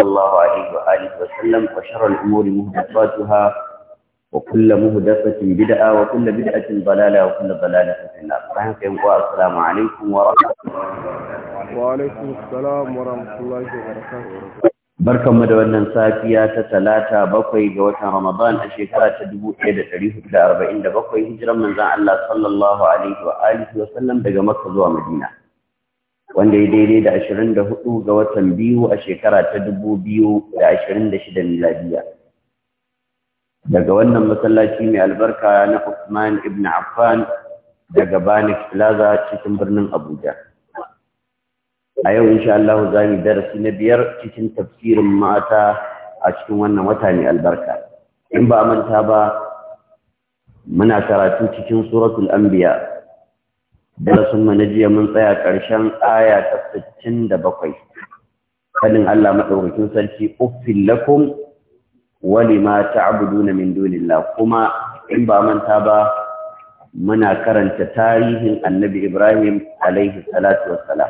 الله عليه وآله وسلم وشر الأمور مهدفاتها وكل مهدفة بدعة وكل بدعة ضلالة وكل ضلالة في النار فهمت السلام عليكم ورحمة الله وعليكم السلام ورحمة الله وبركاته barkanmu da wannan safiya ta talata bakwai ga watan ramadan a shekara ta dubu ɗaya da ɗari hudu da arba'in da bakwai hijiran manzan allah sallallahu alaihi wa alihi wa sallam daga maka zuwa madina wanda ya daidai da 24 ga watan biyu a shekara ta 2026 miladiya daga wannan masallaci mai albarka na Usman ibn Affan daga Banik Plaza cikin birnin Abuja a yau insha Allah za mu darasi na biyar cikin tafsirin mata a cikin wannan wata mai albarka in ba manta ba muna karatu cikin suratul anbiya darasin mu na jiya mun tsaya ƙarshen aya ta sittin da bakwai Allah maɗaukakin sarki uffin lakum wa lima ta'buduna min dunillah kuma in ba manta ba muna karanta tarihin Annabi Ibrahim alaihi salatu wassalam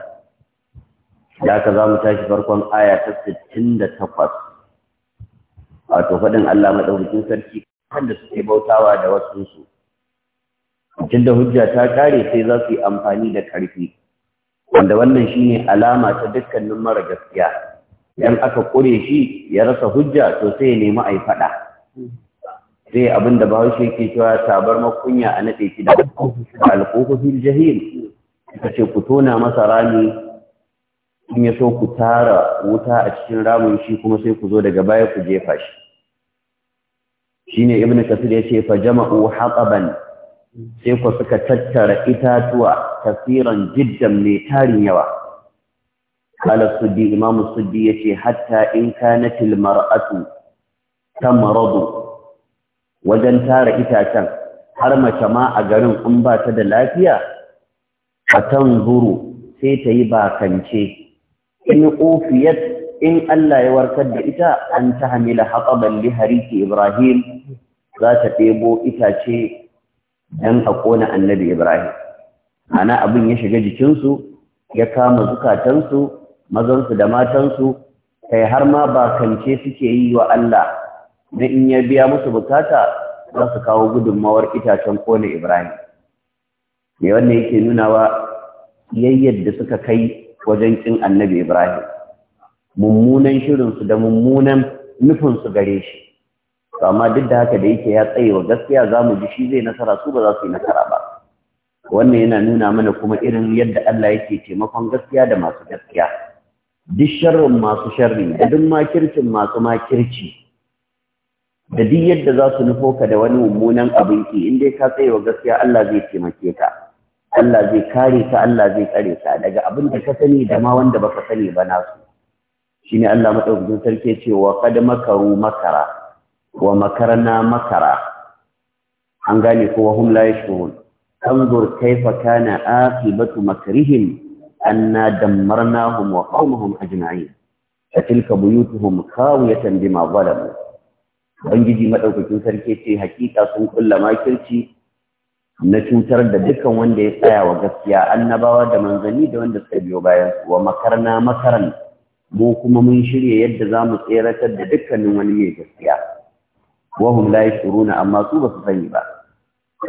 da za mu tashi farkon aya ta sittin wato faɗin Allah maɗaukakin sarki kan da suke bautawa da wasu su da hujja ta kare sai za su yi amfani da ƙarfi wanda wannan shine alama ta dukkanin mara gaskiya idan aka kure shi ya rasa hujja to sai ya nemi a yi faɗa sai abin da bahaushe yake cewa tabar makunya a naɗe shi da alƙofofin jahil ka ce ku tona masa rami in ya so ku tara wuta a cikin ramin shi kuma sai ku zo daga baya ku jefa shi shine ibnu kasir ya ce fa jama'u haqaban sai ku suka tattara itatuwa kasiran jiddan mai tarin yawa su suddi imamu suddi yace hatta in kanat al ta Maradu. wajen tara itacen har mace ma a garin in ba ta da lafiya fatan zuru sai ta yi bakance in ofiyat in Allah ya warkar da ita an ta hamila haƙaban lihariki Ibrahim za ta ɗebo itace dan a kona annabi Ibrahim ana abin ya shiga jikinsu ya kama zukatansu mazansu da matansu kai har ma ba kance suke yi wa Allah na in ya biya musu bukata za su kawo gudunmawar itacen kona Ibrahim me wannan yake nunawa yayyar da suka kai wajen kin annabi Ibrahim mummunan shirinsu da mummunan nufinsu gare shi Kama amma duk da haka da yake ya tsaye wa gaskiya za mu ji shi zai nasara su ba za su yi nasara ba wannan yana nuna mana kuma irin yadda Allah yake taimakon gaskiya da masu gaskiya duk sharrin masu sharri da duk makircin masu makirci da duk yadda za su nufo ka da wani mummunan abin ki in dai ka tsaye wa gaskiya Allah zai taimake ka Allah zai kare ka Allah zai tsare ka daga abin da ka sani da ma wanda baka sani ba nasu shine Allah madaukakin sarki ce wa qad makaru makara wa makarna makara an gane ko wahum la yashurun anzur kaifa kana aqibatu makrihim anna dammarnahum wa qaumahum ajma'in fatilka buyutuhum khawiyatan bima zalamu ubangiji madaukakin sarki ce hakika sun kulla makirci na cutar da dukkan wanda ya tsaya wa gaskiya annabawa da manzanni da wanda suka biyo bayan wa makarna makaran mu kuma mun shirye yadda za mu tseratar da dukkanin wani mai gaskiya wahum la yashuruna amma su ba su sani ba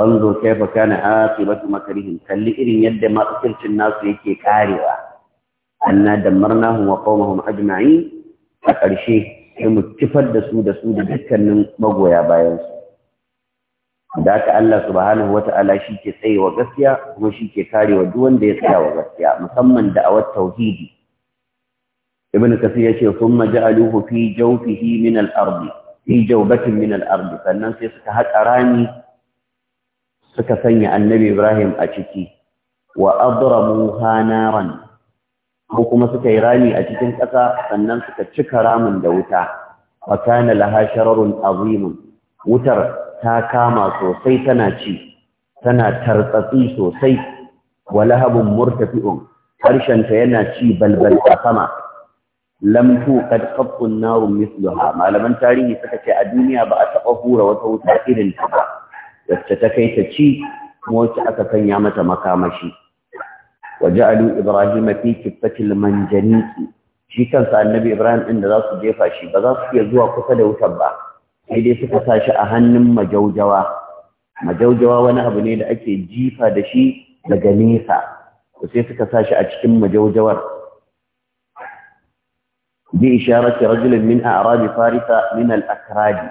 anzo kaifa kana aqibatu makrihim kalli irin yadda makircin nasu yake karewa anna damarnahum wa qawmahum ajma'in a ƙarshe sai mu kifar da su da su da dukkanin magoya bayan su da haka Allah subhanahu wata'ala shi ke tsayewa gaskiya kuma shi ke karewa duk wanda ya tsaya wa gaskiya musamman da'awar tauhidi ibn kasir yace thumma ja'aluhu fi jawfihi min al-ardi fi jawbatin min al-ard sannan sai suka haƙa rami suka sanya annabi Ibrahim a ciki wa adramuha naran ko kuma suka yi rami a cikin ƙasa sannan suka cika ramin da wuta Fakana kana laha shararun azimun wutar ta kama sosai tana ci tana tartsatsi sosai wa lahabun murtafi'un harshenta yana ci balbal a sama lam tu mislaha malaman tarihi suka ce a duniya ba a taba hura wata wuta irin ta ba wacce ta kai ta ci kuma wacce aka sanya mata makamashi waja'alu ibrahima fi kiffatil manjaniki shi kansa annabi ibrahim din da za su jefa shi ba za su iya zuwa kusa da wutar ba sai dai suka sa shi a hannun majaujawa majaujawa wani abu ne da ake jifa da shi daga nesa sai suka sa shi a cikin majaujawar بإشارة رجل من أعراب فارسة من الأكراد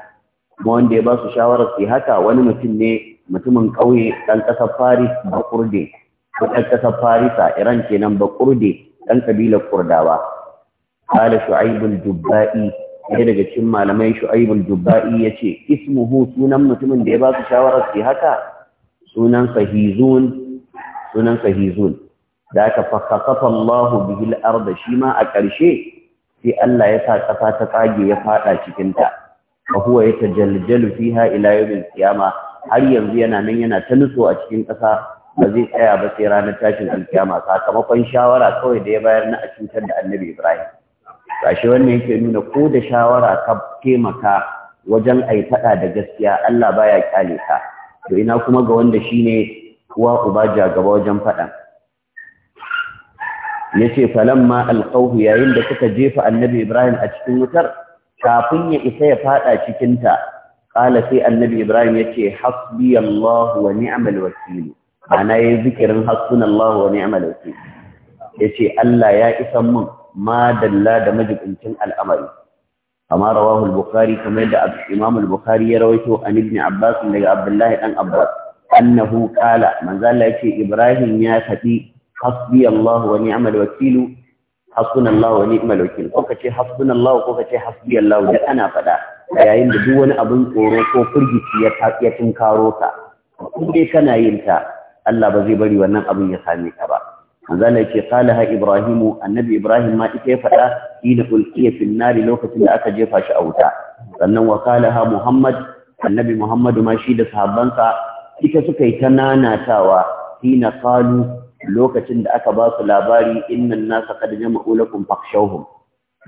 وان دي باسو شاورة في هكا وانا متن متمن قوي دان قصب فارس بقردي دان قصب فارسة إيران كينام بقردي دان قبيلة قرداوة قال شعيب الجبائي ɗaya daga cikin malamai shu'aibul jubba'i ya ce ismuhu sunan mutumin da ya basu shawarar su haka sunan sahizun sunan sahizun da aka fakakafa bihil arda shi ma a ƙarshe sai Allah ya sa ƙasa ta tsage ya faɗa ta fa huwa yatajaljalu fiha ila yawmil qiyama har yanzu yana nan yana ta nutso a cikin ƙasa ba zai tsaya ba sai ranar tashin alkiyama sakamakon shawara kawai da ya bayar na a cutar da annabi ibrahim gashi wannan yake nuna ko da shawara ka taimaka wajen ai faɗa da gaskiya Allah baya kyale ka to ina kuma ga wanda shine uwa uba ja gaba wajen faɗan yace falamma alqawhu yayin da suka jefa annabi ibrahim a cikin wutar kafin ya isa ya fada cikin ta sai annabi ibrahim yace hasbi allah wa ni'mal wakeel ana yayin zikirin hasbunallahu wa ni'mal Ya ce allah ya isan mun ma dalla da majibincin al'amari amma rawahu al-bukhari kamar yadda imam al-bukhari ya rawaito an ibn abbas daga abdullahi dan abbas annahu qala manzo allah yace ibrahim ya fadi. hasbi Allah wa ni'mal wakil hasbuna Allah wa ni'mal wakil ko kace hasbuna Allah ko kace hasbi Allah da ana fada yayin da duk wani abin tsoro ko firgici ya ya tinkaro ka in kana yin ta Allah ba zai bari wannan abin ya same ka ba manzala yake qalaha ibrahim annabi ibrahim ma ita ya fada ina ulqiya fil nar lokacin da aka jefa shi a wuta sannan wa qalaha muhammad annabi muhammadu ma shi da sahabbansa ita suka yi ta nanatawa hina qalu lokacin da aka ba su labari innan nasa qad jama'u lakum fakhshawhum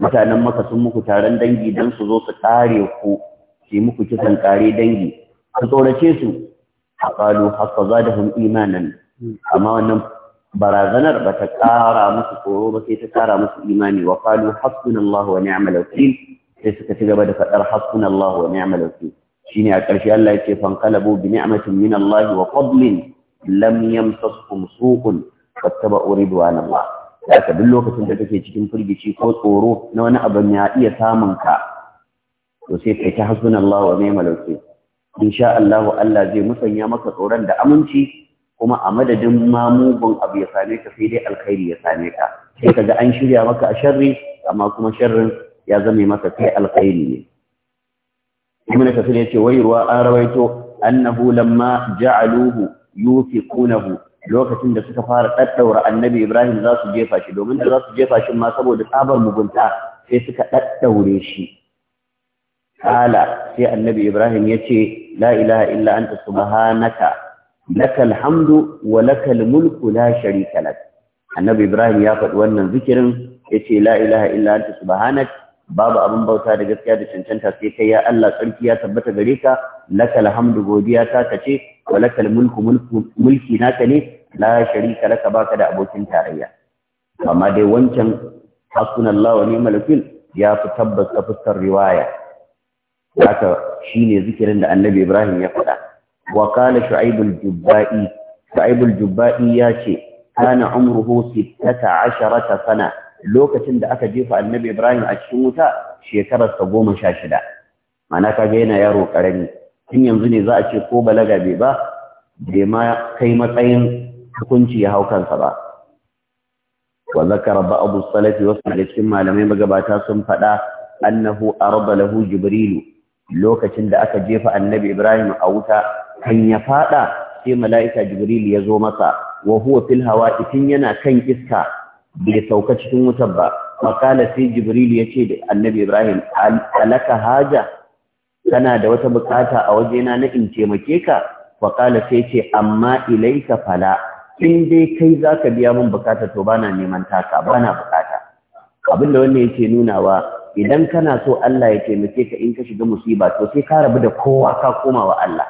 mutanen maka sun muku taron dangi dan su zo su kare ku su muku kisan kare dangi ku tsorace su qalu hatta zadahum imanan amma wannan barazanar ba ta kara musu tsoro ba sai ta kara musu imani wa qalu hasbunallahu wa ni'mal sai suka ci gaba da fadar hasbunallahu wa ni'mal wakeel shine a ƙarshe Allah ya ce fanqalabu bi ni'matin minallahi wa fadlin lam yamsaskum su'un wattaba'u ridwanallah haka duk lokacin da kake cikin firgici ko tsoro na wani abu ya iya samun ka to sai kai ta hasbunallahu wa ni'mal wakil insha Allah Allah zai musanya maka tsoron da aminci kuma a madadin ma mugun abu ya same ka sai dai alkhairi ya same ka sai kaga an shirya maka a sharri amma kuma sharrin ya zame maka kai alkhairi ne ibn kasir yace wai ruwa an rawaito annahu lamma ja'aluhu yufiqunahu lokacin da suka fara daddaura annabi Ibrahim za su jefa shi domin da za su jefa shi ma saboda tsabar mugunta sai suka daddaure shi kala sai annabi Ibrahim ya ce la ilaha illa anta subhanaka lakal hamdu wa lakal mulku la sharika lak annabi Ibrahim ya faɗi wannan zikirin yace la ilaha illa anta subhanaka babu abin bauta da gaskiya da cancanta sai kai ya Allah tsarki ya tabbata gare ka lakal hamdu godiya ta kace wa lakal mulku mulki naka ne la sharika laka baka da abokin tarayya amma dai wancan hasbunallahu wa ni'mal wakil ya fi tabbas ta fuskar riwaya haka shine zikirin da annabi Ibrahim ya faɗa wa qala shu'aib al-jubba'i shu'aib al-jubba'i ya ce kana umruhu 16 sana lokacin da aka jefa annabi Ibrahim a cikin wuta shekarar shekararsa goma sha shida mana kaga yana yaro karami tun yanzu ne za a ce ko balaga bai ba bai ma kai matsayin hukunci ya hau kansa ba wa zakara ba abu salafi wasu daga cikin malamai magabata sun faɗa annahu a arba lahu jibrilu lokacin da aka jefa annabi Ibrahim a wuta kan ya faɗa sai mala'ika jibrilu ya zo masa wa huwa fil hawa itin yana kan iska bai sauka cikin wutar ba makala sai jibril ya ce da annabi ibrahim alaka haja kana da wata bukata a wajena na in taimake ka wakala sai ce amma ilaika fala in dai kai za ka biya min bukata to bana neman taka bana bukata abinda wannan yake nunawa idan kana so Allah ya taimake ka in ka shiga musiba to sai ka rabu da kowa ka koma wa Allah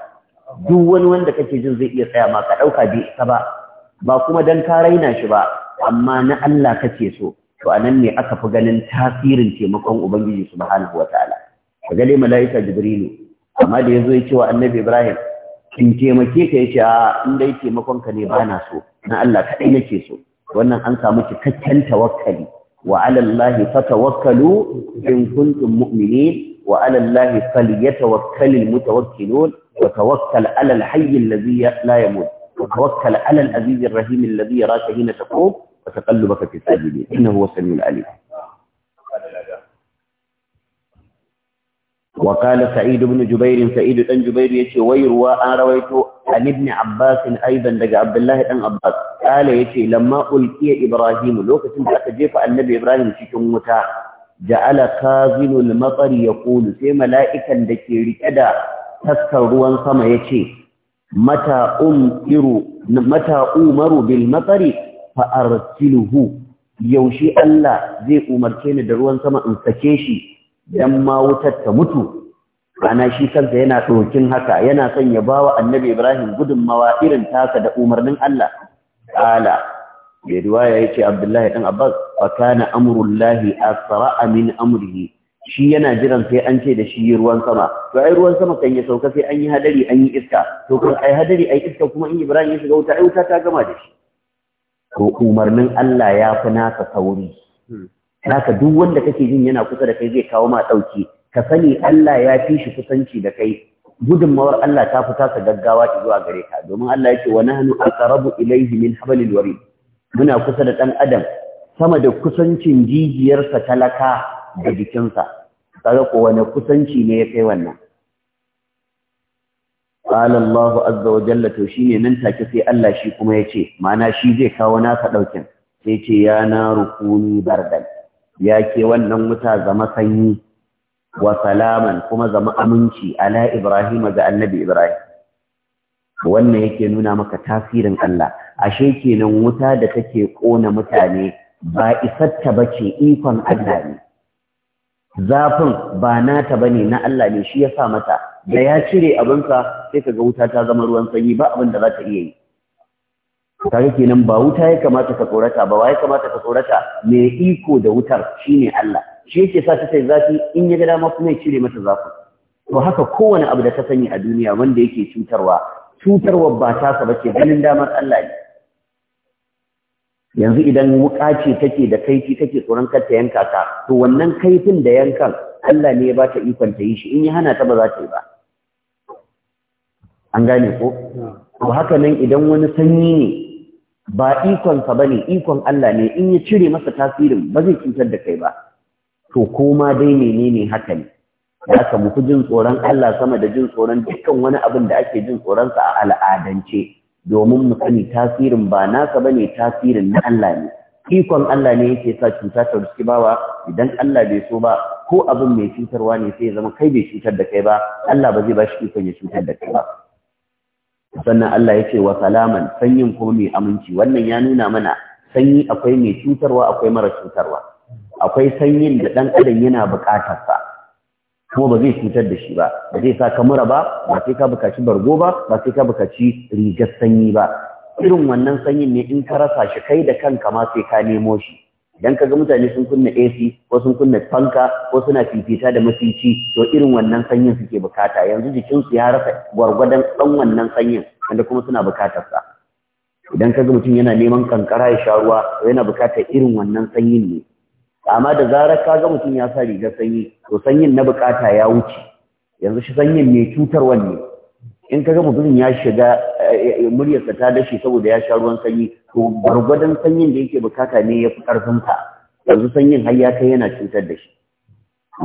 duk wani wanda kake jin zai iya tsaya ma ka ɗauka bai isa ba ba kuma dan ka raina shi ba amma na Allah kake so to anan ne aka fi ganin tasirin taimakon ubangiji subhanahu wataala ka gale malaika jibrilu amma da yazo ya ce wa annabi ibrahim in taimake ka yace a in dai taimakon ka ne bana so na Allah kadai nake so wannan an samu cikakken tawakkali وعلى الله فتوكلوا إن كنتم مؤمنين وعلى الله فليتوكل المتوكلون وتوكل على الحي الذي لا يموت وتوكل على العزيز الرحيم الذي يراك حين تقوم وتقلبك في الساجدين إنه هو السميع العليم وقال سعيد بن جبير سعيد بن جبير يتي ويروى أن رويت عن ابن عباس أيضا لقى عبد الله بن عباس قال يتي لما ألقي إبراهيم لو كنت أتجيف النبي إبراهيم شكم متاع جعل خازن المطر يقول سي ملائكا دكي ركدا تسكر روان سما يتي mata umaru bil matsari fa yaushe Allah zai umarce ni da ruwan sama in sake shi dan ma wutar ta mutu ana shi kansa yana dokin haka yana son ya bawa annabi Ibrahim gudunmawa irin taka da umarnin Allah ala bai ya ce Abdullahi dan Abbas fa kana amrullahi asra'a min amrihi shi yana jiran sai an ce da shi ruwan sama to ai ruwan sama kan ya sauka sai an yi hadari an yi iska to kuma ai hadari ai iska kuma in Ibrahim ya shiga wuta ai wuta ta gama da shi to umarnin Allah ya fi nasa sauri hmm. naka duk wanda kake jin yana kusa da kai zai kawo ma dauki ka sani Allah ya fi shi kusanci da kai gudunmawar Allah ta fita ka gaggawa ta zuwa gare ka domin Allah yake wa nahnu aqrabu ilayhi min hablil warid muna kusa da dan adam sama da kusancin jijiyarsa talaka da jikinsa kaga ko wani kusanci ne ya kai wannan qala Allah azza wa jalla to shine nan take sai Allah shi kuma yace mana shi zai kawo naka daukin sai yace ya naru kuni bardan ya ke wannan wuta zama sanyi wa salaman kuma zama aminci ala Ibrahim ga annabi Ibrahim wannan yake nuna maka tasirin Allah ashe kenan wuta da take kona mutane ba isarta bace ikon Allah ne zafin ba nata ne na Allah ne shi ya sa mata da ya cire ka sai kaga wuta ta zama ruwan sanyi ba abin da za ta iya yi kaga kenan ba wuta ya kamata ka tsorata ba wai kamata ka tsorata mai iko da wutar shine Allah shi yake sa ta sai zafi in ya ga dama kuma ya cire mata zafin to haka kowane abu da ta sani a duniya wanda yake cutarwa cutarwa ba ta ba ce ganin damar Allah ne yanzu idan wuka ce take da kaifi take tsoron karta yanka ka to wannan kaifin da yankan Allah ne ya ba ta ikon ta yi shi in ya hana ta ba za ta yi ba an gane ko to haka nan idan wani sanyi ne ba ikon ka bane ikon Allah ne in ya cire masa tasirin ba zai cutar da kai ba to koma dai menene haka ne da aka ku jin tsoron Allah sama da jin tsoron dukkan wani abin da ake jin tsoron tsoronsa a al'adance domin mu sani tasirin ba naka bane tasirin na Allah ne ikon Allah ne yake sa cuta ta ruski bawa idan Allah bai so ba ko abin mai cutarwa ne sai ya zama kai bai cutar da kai ba Allah ba zai ba shi ikon ya cutar da kai ba sannan Allah ya ce wa salaman sanyin kuma mai aminci wannan ya nuna mana sanyi akwai mai cutarwa akwai mara cutarwa akwai sanyin da dan adam yana buƙatar sa kuma ba zai cutar da shi ba ba zai sa ka ba ba sai ka bukaci bargo ba ba sai ka bukaci rigar sanyi ba irin wannan sanyin ne in ka rasa shi kai da kanka ma sai ka nemo shi idan ka ga mutane sun kunna AC ko sun kunna fanka ko suna fifita da mafici to irin wannan sanyin suke bukata yanzu jikinsu ya rasa gwargwadon ɗan wannan sanyin wanda kuma suna bukatar sa idan ka ga mutum yana neman kankara ya sha ruwa to yana bukatar irin wannan sanyin ne amma da zarar ka ga mutum ya sa rigar sanyi to sanyin na bukata ya wuce yanzu shi sanyin mai cutar wanne. in ka ga mutum ya shiga eh, eh, muryarsa ta dashi saboda ya sha ruwan sanyi to gwargwadon sanyin da yake bukata ne ya fi ƙarfinsa yanzu sanyin har ya kai yana cutar da shi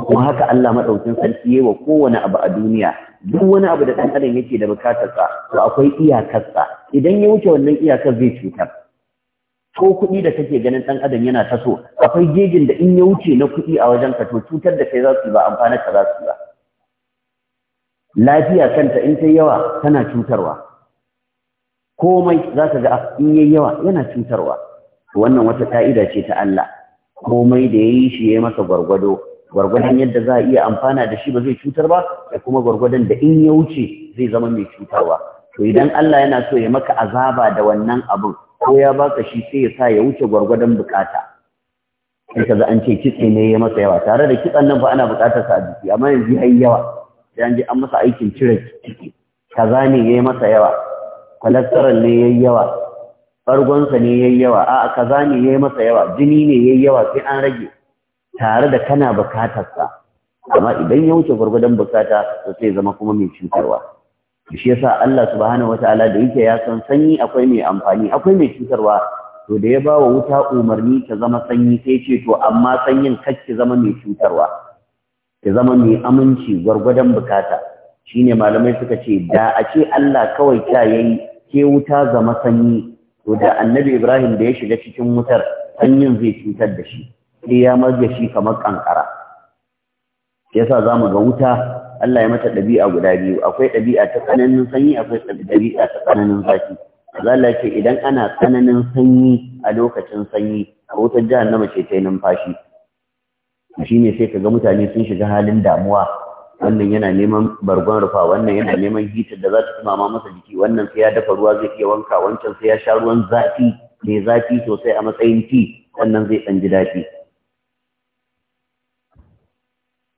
kuma haka Allah maɗaukin sarki yayi wa kowane abu a duniya duk wani abu da dan adam yake da bukatarsa to akwai iyakarsa idan ya wuce wannan iyakar zai cutar ko kuɗi da take ganin ɗan adam yana taso, akwai gejin da in ya wuce na kuɗi a wajen ka to cutar da kai za su yi ba amfanar ka za su yi ba lafiya kanta in ta yawa tana cutarwa komai za ka ga in yayi yawa yana cutarwa wannan wata ka'ida ce ta Allah komai da yayi shi yayi masa gwargwado gwargwadon yadda za a iya amfana da shi ba zai cutar ba da kuma gwargwadon da in ya wuce zai zama mai cutarwa to idan Allah yana so ya maka azaba da wannan abun ko ya baka shi sai ya sa ya wuce gwargwadon bukata sai kaza an ce kitse ne ya masa yawa tare da kitsan nan fa ana bukatar sa a jiki amma yanzu yayi yawa sai an je an masa aikin cire kitse kaza ne ya masa yawa cholesterol ne yayi yawa bargonsa ne yayi yawa a'a kaza ne ya masa yawa jini ne yayi yawa sai an rage tare da kana bukatar sa amma idan ya wuce gwargwadon bukata to sai zama kuma mai cutarwa shi yasa Allah subhanahu wataala da yake ya san sanyi akwai mai amfani akwai mai cutarwa to da ya ba wa wuta umarni ta zama sanyi sai ce to amma sanyin ki zama mai cutarwa ki zama mai aminci gwargwadon bukata shine malamai suka ce da a ce Allah kawai ta yayi ke wuta zama sanyi to da annabi Ibrahim da ya shiga cikin wutar sanyin zai cutar da shi sai ya marge shi kamar kankara yasa zamu ga wuta Allah ya mata ɗabi'a guda biyu akwai ɗabi'a ta tsananin sanyi akwai ɗabi'a ta tsananin zafi Allah ce idan ana tsananin sanyi a lokacin sanyi a wutar jahannama ce ta yi numfashi shine sai kaga mutane sun shiga halin damuwa wannan yana neman bargon rufa wannan yana neman hitar da za ta tumama masa jiki wannan sai ya dafa ruwa zai iya wanka wancan sai ya sha ruwan zafi mai zafi sosai a matsayin ti wannan zai ɗan ji daɗi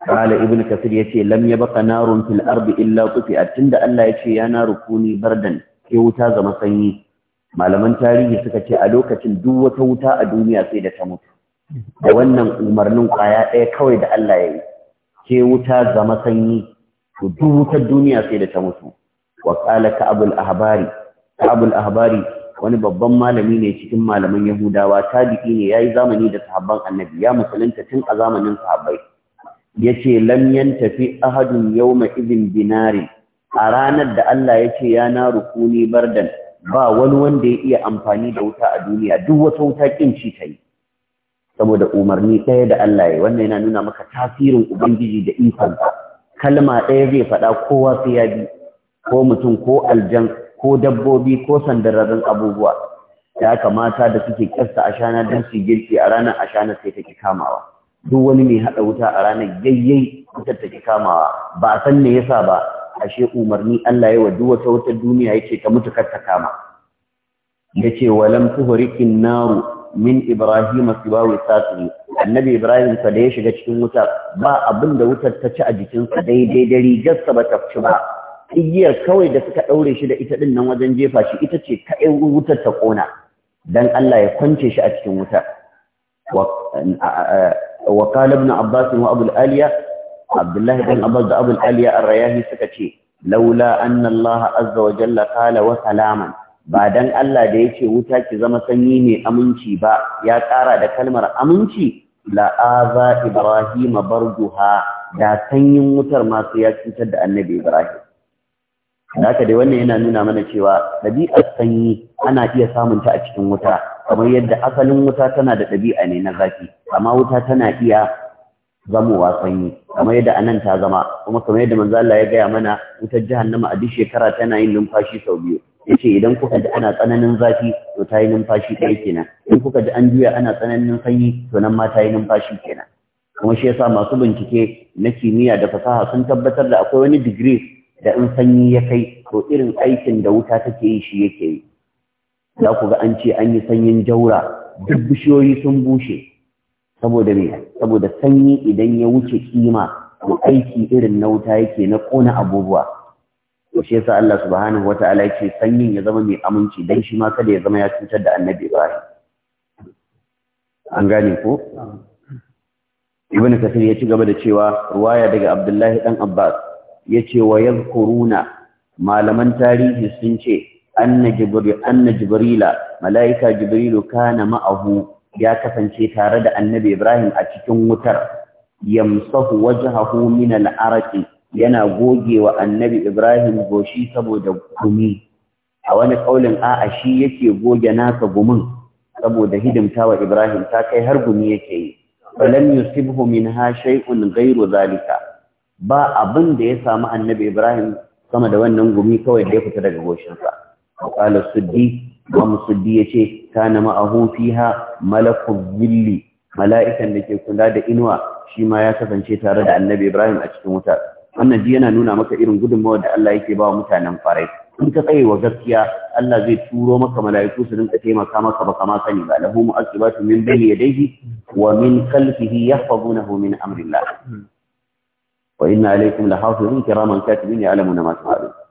Kala Ibn Kasir ya ce, Lam ya baka narun fil arbi illa kufi a da Allah ya ce ya na rukuni bardan ke wuta ga masanyi. Malaman tarihi suka ce a lokacin duk wata wuta a duniya sai da ta mutu. Da wannan umarnin kwaya ɗaya kawai da Allah ya yi, ke wuta ga masanyi, to duk wutar duniya sai da ta mutu. Wa kala Ka'abul Ahbari, Ka'abul Ahbari wani babban malami ne cikin malaman Yahudawa, tabi'i ne ya yi zamani da sahabban annabi, ya musulunta tun a zamanin sahabbai. Ya ce lam tafi ahadun yawma idhin binari a ranar da Allah yace ya na rukuni bardan ba wani wanda ya iya amfani da wuta a duniya duk wata wuta kin ci ta yi saboda umarni ɗaya da Allah ya wannan yana nuna maka tasirin ubangiji da ikonsa kalma ɗaya zai faɗa kowa sai ya bi ko mutum ko aljan ko dabbobi ko sandararren abubuwa ya kamata da suke kyasta ashana don su girki a ranar ashana sai take kamawa duk wani mai haɗa wuta a ranar yayyai wutar take kamawa ba a san me yasa ba ashe umarni Allah ya wa duk wata duniya yake ta mutu kar ta kama yace walam tuhrikin naru min ibrahim sibawi satri annabi ibrahim sa da ya shiga cikin wuta ba abin da wutar ta ci a jikinsa daidai da sa ba ta ci ba igiyar kawai da suka daure shi da ita din nan wajen jefa shi ita ce kaɗai wutar ta kona dan Allah ya kwance shi a cikin wutar. wa qala ibn abbas wa abul aliya abdullahi ibn abbas da abul aliya ar-rayahi suka ce laula anna allah azza wa jalla ba dan Allah da yake wuta ki zama sanyi ne aminci ba ya ƙara da kalmar aminci la aza ibrahim barduha da sanyin wutar masu ya cutar da annabi ibrahim haka dai wannan yana nuna mana cewa ɗabi'ar sanyi ana iya samun ta a cikin wuta kamar yadda asalin wuta tana da ɗabi'a ne na zafi amma wuta tana iya zamowa sanyi kamar yadda anan ta zama kuma kamar yadda manzo Allah ya gaya mana wutar jahannama a duk shekara tana yin numfashi sau biyu yace idan kuka ji ana tsananin zafi to ta yi numfashi ɗaya kenan idan kuka ji an juya ana tsananin sanyi to nan ma ta yi numfashi kenan kuma shi yasa masu bincike na kimiyya da fasaha sun tabbatar da akwai wani digiri da in sanyi ya kai to irin aikin da wuta take yi shi yake yi za ku ga an ce an yi sanyin jaura duk bishiyoyi sun bushe saboda me saboda sanyi idan ya wuce kima to aiki irin na wuta yake na kona abubuwa to shi yasa Allah subhanahu wata'ala yake sanyin ya zama mai aminci dan shi ma kada ya zama ya cutar da Annabi Ibrahim an gane ko Ibn Kathir ya ci gaba da cewa ruwaya daga Abdullahi dan Abbas yace wa yazkuruna malaman tarihi sun ce anna jibrila malaika jibrilu kana ma'ahu ya kasance tare da annabi ibrahim a cikin wutar yamsahu wajhahu min al-araq yana gogewa annabi ibrahim goshi saboda gumi a wani kaulin a'a shi yake goge nasa gumin saboda hidimtawa ibrahim ta kai har gumi yake yi falam yusibhu minha shay'un ghayru zalika ba abin da ya samu annabi ibrahim sama da wannan gumi kawai da ya fita daga goshinsa وقال السدي imam suddi ya ce ta ma'ahu fiha malakul zilli mala'ikan da ke kula da inuwa shi ma ya kasance tare da annabi ibrahim a cikin wuta wannan ji yana nuna maka irin gudunmawar da Allah yake ba mutanen farai in ka tsaye wa gaskiya Allah zai turo maka mala'iku su rinka taimaka maka ba kama sani ba lahu mu'aqibatu min bayni yadayhi wa min khalfihi yahfazunahu min amrillah hmm. wa inna alaykum lahafizun kiraman katibin ya'lamuna ma taf'alun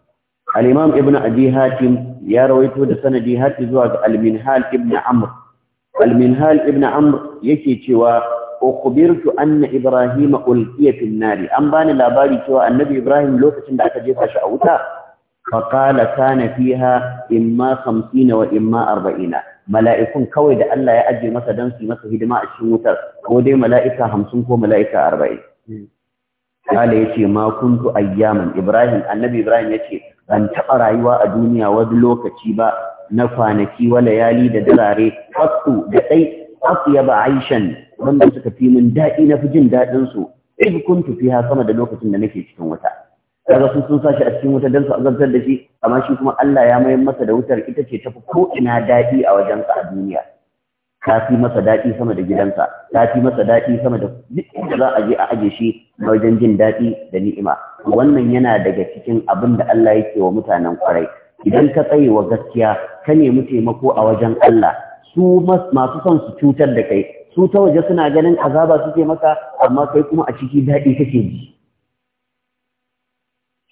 al-imam ibn abi hatim ya rawaito da sanadi har zuwa ga al-minhal ibn amr al-minhal ibn amr yake cewa ukhbirtu anna ibrahima ulqiya fi an an bani labari cewa annabi ibrahim lokacin da aka jefa shi a wuta fa qala kana fiha imma 50 wa imma 40 mala'ikun kawai da Allah ya aje masa dan su masa hidima a cikin wutar ko dai mala'ika 50 ko mala'ika 40 hmm. kala yace ma kuntu ayyaman ibrahim annabi ibrahim yace ban taɓa rayuwa a duniya wani lokaci ba na kwanaki wa layali da darare fasu da ɗai asu ya ba aishan wanda suka fi min daɗi na fi jin daɗinsu in kuntu fi ha sama da lokacin da nake cikin wuta kaga sun sun sashi a cikin wuta don su azabtar da shi amma shi kuma Allah ya mayar masa da wutar ita ce tafi ko ina daɗi a wajensa a duniya ta fi masa daɗi sama da gidansa ta fi masa daɗi sama da duk inda za a je a aje shi na wajen jin daɗi da ni'ima wannan yana daga cikin abin da Allah yake wa mutanen kwarai idan ka tsaye wa gaskiya ka nemi taimako a wajen Allah su masu son su cutar da kai su ta waje suna ganin azaba suke maka amma kai kuma a ciki daɗi kake ji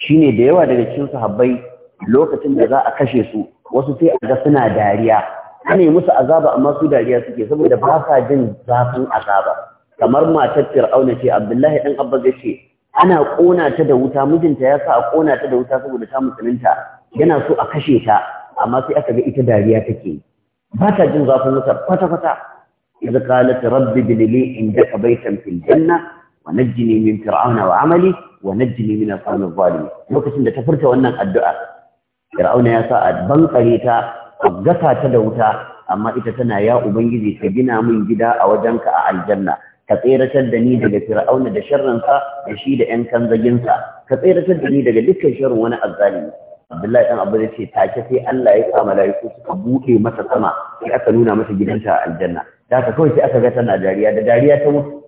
shine da yawa daga cikin sahabbai lokacin da za a kashe su wasu sai a ga suna dariya ane musu azaba amma su dariya suke saboda ba sa jin zafin azaba kamar matar fir'auna ce abdullahi dan abba ya ce ana kona ta da wuta mijinta ya sa a kona ta da wuta saboda ta musulunta yana so a kashe ta amma sai aka ga ita dariya take ba ta jin zafin wutar kwata kwata idza qalat rabbi bil li indaka baytan fil janna Amali? Wa فرعون وعملي ونجني من القوم الظالمين Lokacin da ta furta wannan addu'a Fir'auna ya sa a bankare ta gasa ta da wuta amma ita tana ya ubangiji ka gina min gida a wajenka a aljanna ka tseratar da ni daga fir'auna da sharransa da shi da 'yan kanzaginsa ka tsiratar da ni daga dukkan sharrin wani azzalimi Abdullahi dan Abu ce take sai Allah ya sa malaiku suka buke masa sama sai aka nuna masa gidanta a aljanna da haka kawai sai aka ga tana dariya da dariya ta mutu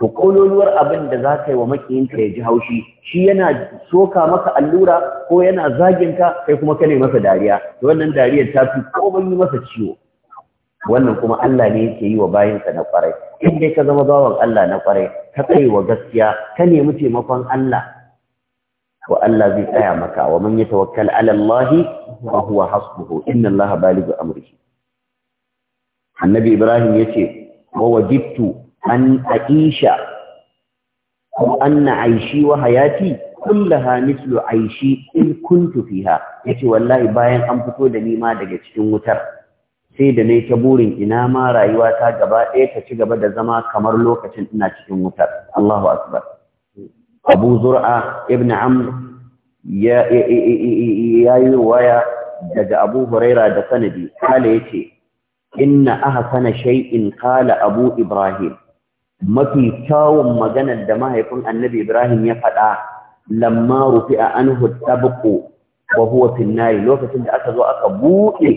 to kololuwar abin da za ka yi wa makiyinka ya ji haushi shi yana soka maka allura ko yana zaginka kai kuma ka ne masa dariya to wannan dariyar ta fi komai yi masa ciwo wannan kuma Allah ne yake yi wa bayinsa na kwarai in dai ka zama bawan Allah na kwarai ka tsaye wa gaskiya ka nemi taimakon Allah wa Allah zai tsaya maka wa man yatawakkal ala Allah fa huwa hasbuhu inna Allah balighu amrihi annabi Ibrahim yace wa wajibtu an aisha ko anna aishi wa hayati kullaha mislu aishi in kuntu fiha yace wallahi bayan an fito da ni ma daga cikin wutar sai da nayi ta burin ina ma rayuwa ta gaba ɗaya ta ci gaba da zama kamar lokacin ina cikin wutar Allahu akbar Abu Zur'a ibn Amr ya yi waya daga Abu Huraira da sanadi kala yace inna ahsana shay'in qala Abu Ibrahim mafi kyawun maganar da mahaifin annabi Ibrahim ya faɗa lamma rufi'a anhu tabqu wa huwa fi lokacin da aka zo aka buɗe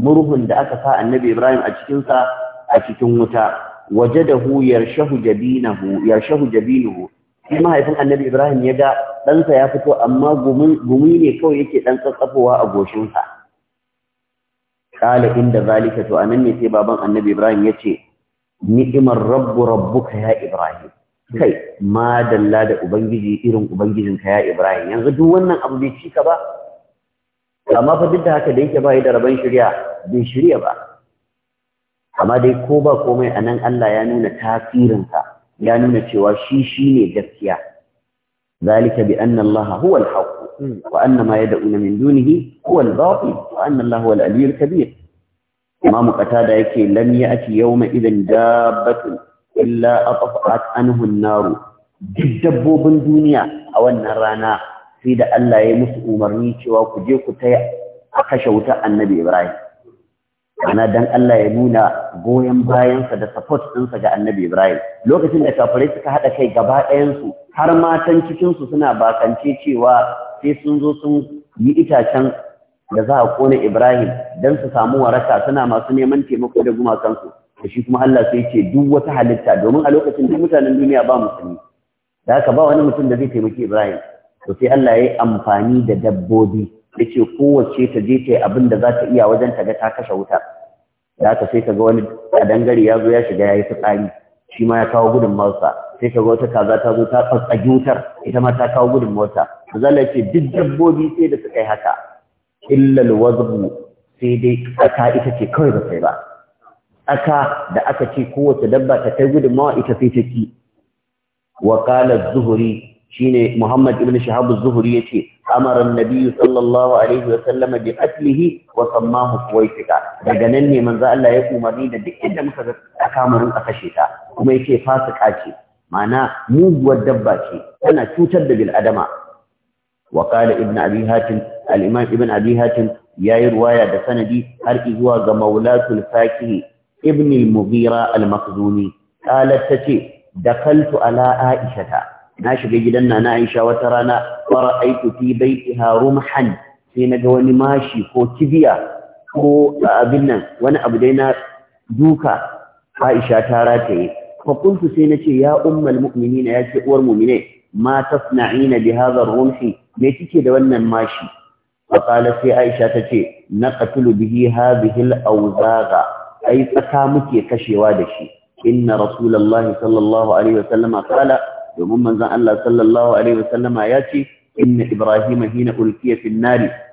murhun da aka sa annabi Ibrahim a cikin a cikin wuta wajadahu yarshahu jabinahu yarshahu jabinuhu shi mahaifin annabi Ibrahim ya ga ɗansa ya fito amma gumi ne kawai yake ɗan tsatsafowa a goshinsa. Kala inda zalika to anan ne sai baban annabi Ibrahim ya ce, ni'imar rabbu rabbuka ya ibrahim kai ma dalla da ubangiji irin ubangijinka ya ibrahim yanzu duk wannan abu bai ci ka ba amma fa duk da haka da yake ba da rabon shirya bai shirya ba amma dai ko ba komai a nan Allah ya nuna tasirinka, ya nuna cewa shi shi ne gaskiya zalika bi anna Allah huwa al-haqq wa min dunihi huwa al-batil wa kabir imamu qatada yake lam ya'ti yawma idan dabbatun illa atfa'at anhu an-nar duk dabbobin duniya a wannan rana sai da Allah ya musu umarni cewa ku je ku taya kashe wuta annabi Ibrahim ana dan Allah ya nuna goyon bayansa da support ɗinsa ga annabi Ibrahim lokacin da kafirai suka haɗa kai gaba ɗayansu har matan cikinsu suna bakance cewa sai sun zo sun yi itacen da za a kone Ibrahim dan su samu waraka suna masu neman taimako da gumakansu da shi kuma Allah sai ce duk wata halitta domin a lokacin duk mutanen duniya ba musulmi da haka ba wani mutum da zai taimaki Ibrahim to sai Allah ya yi amfani da dabbobi ya ce kowace ta je ta yi abin da za ta iya wajen ta ga ta kashe wuta da haka sai ka ga wani dangare ya zo ya shiga ya yi fitsari shi ma ya kawo gudun mawasa sai ka ga wata kaza ta zo ta tsatsage wutar ita ma ta kawo gudun mota zalla ce duk dabbobi sai da suka kai haka illal wazbu sai dai aka ita ce kawai ba sai ba aka da aka ce kowace dabba ta kai gudunmawa ita sai ta ki wa qala az-zuhri shine Muhammad ibn Shahab az-Zuhri yace amara an-nabi sallallahu alaihi wa sallama bi qatlihi wa sammahu Quwaitika daga nan ne manzo Allah ya umarni da duk inda muka ga akamarin a kashe ta kuma yace fasika ce ma'ana muguwar dabba ce tana cutar da bil adama wa qala ibn Abi Hatim alimam imam ibn abi hatim yi ruwaya da sanadi har zuwa ga maulatul faqih ibn al-mughira al-makhzumi ce da kaltu ala aisha na shiga gidan na aisha wata rana fara'aitu fi baitiha rumhan sai ga wani mashi ko kibiya ko abin nan wani abu dai na duka Aisha ta rataye fa sai sai nace ya ummul mu'minina ya ce uwar mu'mine ma tasna'ina bi hadha ar-rumhi me kike da wannan mashi waƙala sai aisha ta ce na ƙatulu bihi ha bihil auzaga ai tsaka muke kashewa da shi inna rasulallah sallallahu alaihi wa sallama kala domin manzon Allah sallallahu alaihi wa sallama ya ce inna Ibrahim hina ulkiya fil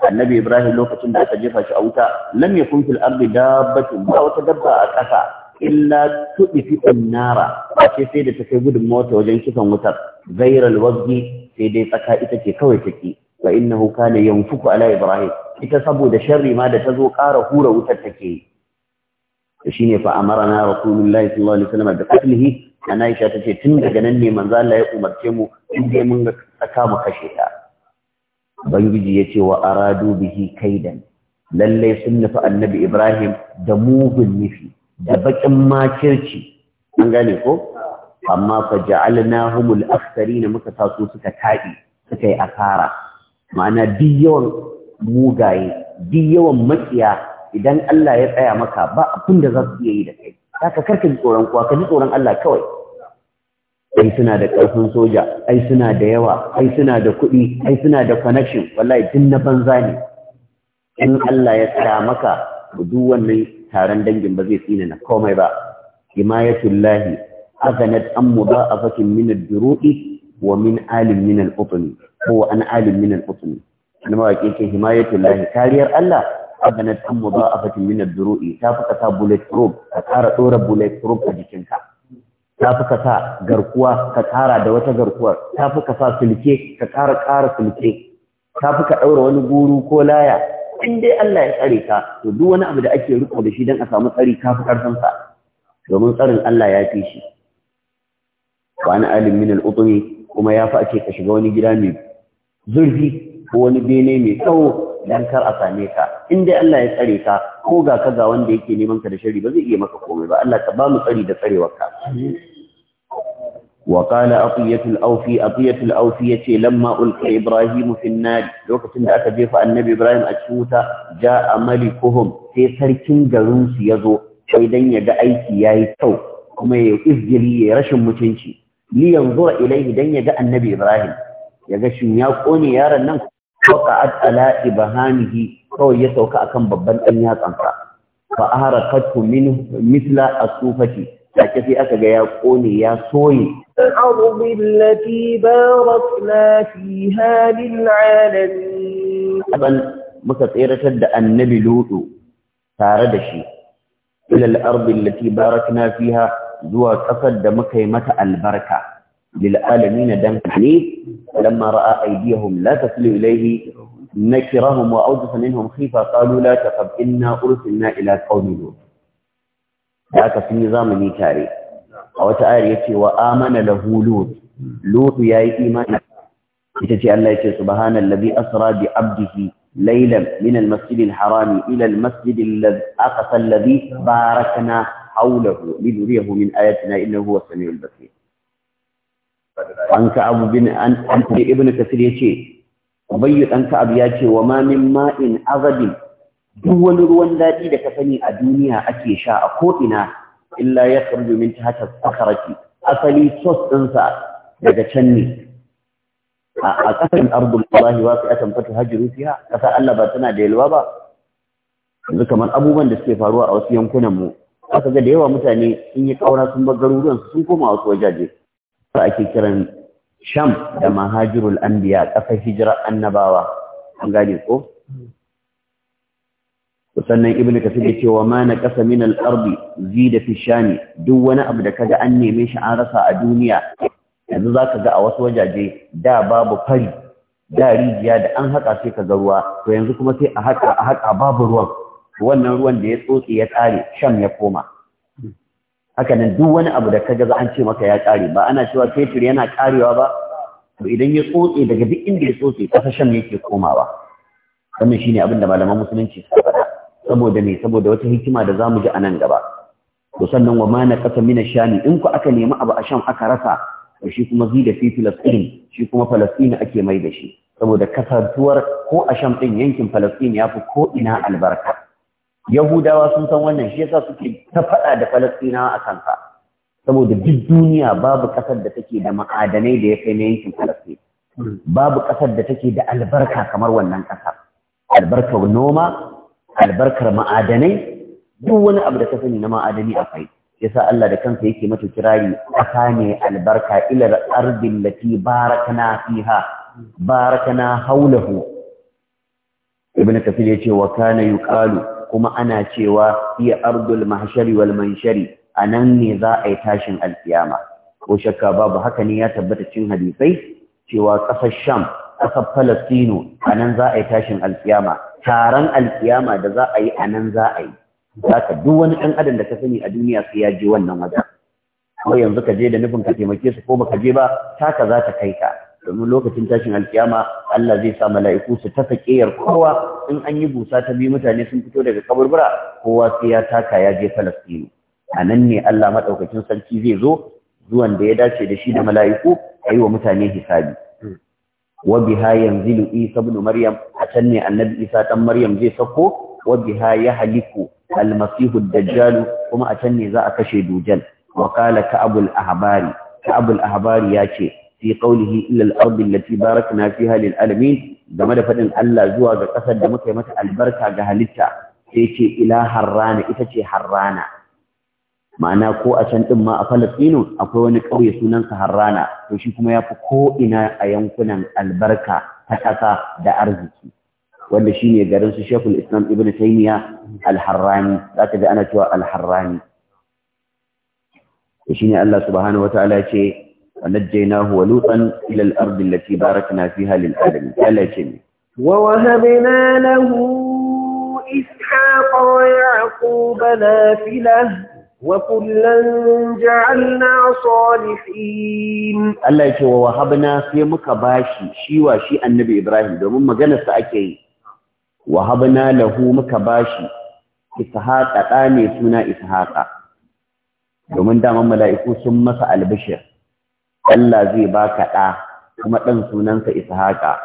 annabi ibrahim lokacin da aka jefa shi a wuta lam yakun fil ardi ba wata dabba a ƙasa illa tuɗi fi nara ba sai da ta kai gudun mota wajen kisan wutar gairar wazgi sai dai tsaka ita ce kawai ta take wa innahu kana yanfuku ala ibrahim ita saboda sharri ma da tazo ƙara hura wutar take shine fa amarna rasulullahi sallallahu alaihi wasallam da qatlihi ana Aisha tace tun daga nan ne manzo Allah ya umarce mu in mun ga tsaka mu kashe ta bangiji yace wa aradu bihi kaidan lalle sun nufi annabi Ibrahim da mugun nufi da bakin makirci an gane ko amma fa ja'alnahumul aktharin muka taso suka tabi suka yi asara ma'ana duk yawan mugaye duk yawan matsiya. idan Allah ya tsaya maka ba abin da za su iya yi da kai haka karka ji tsoron kuwa ka ji tsoron Allah kawai ai suna da ƙarfin soja ai suna da yawa ai suna da kuɗi ai suna da connection wallahi din na banza ne in Allah ya tsaya maka duk wannan taron dangin ba zai tsina na komai ba himayatullahi azanat an mudha'afatin min ad-duru'i wa min alim min al-utni ko an alim min al-utni mawaki ce himayatul lahi kariyar Allah abanat an mudha'afatin min ad-duru'i ta fuka sa bullet proof ka tsara dora bullet proof a jikinka ta fuka sa garkuwa ka tsara da wata garkuwar ta fuka sa sulke ka tsara ƙara sulke ta fuka daura wani guru ko laya in dai Allah ya tsare ka to duk wani abu da ake riko da shi dan a samu tsari ka fi karfin tsarin Allah ya fi shi wa an alim kuma ya fi ake ka shiga wani gida mai zurfi ko wani bene mai tsawo dan kar a same ka in dai Allah ya tsare ka ko ga ka ga wanda yake neman ka da shari ba zai iya maka komai ba Allah ka ba mu tsari da tsarewar ka wa qala aufi awfi aqiyatul awfi yace lamma ulqa ibrahim fi an lokacin da aka jefa annabi ibrahim a cikin wuta ja'a malikuhum sai sarkin garin su yazo sai dan ya ga aiki yayi kyau kuma ya izgiri ya rashin mutunci li zuwa ilaihi dan ya ga annabi ibrahim ya ga shin ya kone yaron nan waqa'at ala ibhamihi kawai ya sauka akan babban dan yatsansa fa aharakatu min mithla asufati take sai aka ga ya kone ya soye الأرض التي باركنا فيها للعالمين أبن مكثيرة دا النبي لوط تارد إلى الأرض التي باركنا فيها zuwa ƙasar da muka yi mata albarka lil'alami na dan kane lamma ra'a aidiyahum la tasilu ilayhi nakirahum wa awdasa minhum khifa qalu la taqab ila qaumi lut haka sun yi zamani tare a wata ayar yace wa amana da lahu lut yayi ya yi imani ita ce Allah yace subhanallazi asra bi abdihi laylan min al-masjidil harami ila al-masjidil ladhi barakna حوله لنريه من آياتنا إنه هو السميع البصير an ka'abu bin an an ibnu kasir yace ubayy dan ka'ab yace wa ma min ma'in azabin duk wani ruwan daɗi da ka sani a duniya ake sha a ko ina illa ya kharju min tahta asali sos din daga can ne a kasan ardul wallahi wa fi atan fatu hajru fiha kasa Allah ba tana da yalwa ba yanzu kamar abubuwan da suke faruwa a wasu yankunan mu aka ga da yawa mutane sun yi ƙaura sun bar garuruwan sun koma wasu wajaje sa ake kiran sham da mahajirul anbiya ƙasar hijira annabawa an gane ko sannan ibnu kasir ya ce wa ma na ƙasa min al-ardi da fi shani duk wani abu da kaga an neme shi an rasa a duniya yanzu zaka ga a wasu wajaje da babu fari da rijiya da an haka sai ka ga ruwa to yanzu kuma sai a haka haka babu ruwan wannan ruwan da ya tsotse ya tsare sham ya koma haka nan duk wani abu da ka gaza an ce maka ya tsare ba ana cewa fetur yana karewa ba to idan ya tsotse daga duk inda ya tsotse kasa sham yake komawa wannan shine abin da malaman musulunci suka faɗa saboda me saboda wata hikima da zamu ji a nan gaba to sannan wa ma naqasa min ash in ku aka nemi abu a sham aka rasa to shi kuma zida fi filastin shi kuma falastin ake mai da shi saboda kasantuwar ko a sham din yankin falastin ya fi ko ina albarka yahudawa sun san wannan shi yasa suke ta faɗa da falastinawa a kansa saboda duk duniya babu ƙasar da take da ma'adanai da ya kai na yankin falastin babu ƙasar da take da albarka kamar wannan ƙasar albarkar noma albarkar ma'adanai duk wani abu da ka sani na ma'adani akwai yasa Allah da kansa yake mata kirari ƙasa ne albarka ilar ardin lati barakana fiha barakana haulahu ibn kafir yace wa kana yuqalu kuma ana cewa iya ardul mahshari wal manshari anan ne za a yi tashin alkiyama ko shakka babu haka ne ya tabbata cin hadisai cewa ƙasar sham ƙasar falastino anan za a yi tashin alkiyama taron alkiyama da za a yi anan za a yi zaka duk wani ɗan adam da ka sani a duniya sai ya je wannan wajen ko yanzu ka je da nufin ka taimake su ko baka je ba taka za ta kai ka domin lokacin tashin alkiyama Allah zai sa mala'iku su tafa sakeyar kowa in an yi busa ta bi mutane sun fito daga kaburbura kowa sai ya taka ya je Falastinu a nan ne Allah madaukakin sarki zai zo zuwan da ya dace da shi da mala'iku a yi wa mutane hisabi wa biha yanzilu Isa ibn Maryam a can ne Annabi Isa dan Maryam zai sako wa biha yahliku al-masih ad kuma a can ne za a kashe dujal Wakala qala abul ahbari ka abul yace fi qawlihi illa al-ardi allati barakna game da fadin Allah zuwa ga kasar da muka mata albarka ga halitta sai ila harrana ita ce harrana ma'ana ko a can ɗin ma a Falastinu akwai wani kauye sunansa harrana to shi kuma yafi ko ina a yankunan albarka ta kasa da arziki wanda shine garin su Sheikhul Islam Ibn Taymiyyah al-Harrani zaka ana cewa al-Harrani Allah subhanahu ce ونجيناه ولوطا إلى الأرض التي باركنا فيها للعالمين ألا كمي ووهبنا له إسحاق ويعقوب نافلة وكلا جعلنا صالحين الله يكي ووهبنا في مكباشي شيوا شي النبي إبراهيم دومون مجنس أكي وهبنا له مكباشي إسحاق أتاني سنا إسحاق domin daman mala'iku sun masa albishir Allah zai baka ɗa kuma ɗan sunansa ishaƙa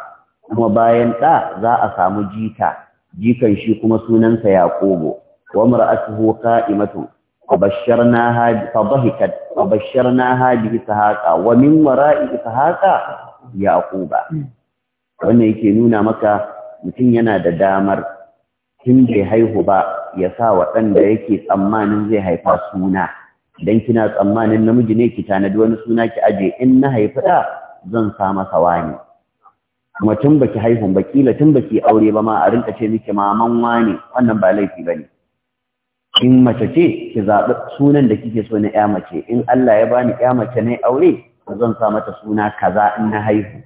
kuma bayan ɗa za a samu jika jikan shi kuma sunansa Yaqubu wa mar'atuhu qa'imatu fabashsharnaha na fabashsharnaha isa Ishaqa wa min wara'i Ishaqa Yaquba wannan yake nuna maka mutum yana da damar tun bai haihu ba ya sa waɗanda yake tsammanin zai haifa suna dan kina tsammanin namiji ne ki tanadi wani suna ki aje in na haifi da zan sa masa wani kuma tun baki haihun ba kila tun baki aure ba ma a rinka ce miki maman wani wannan ba laifi bane in mace ce ki zaɓi sunan da kike so na ƴa mace in Allah ya bani ƴa mace ne aure zan sa mata suna kaza in na haihu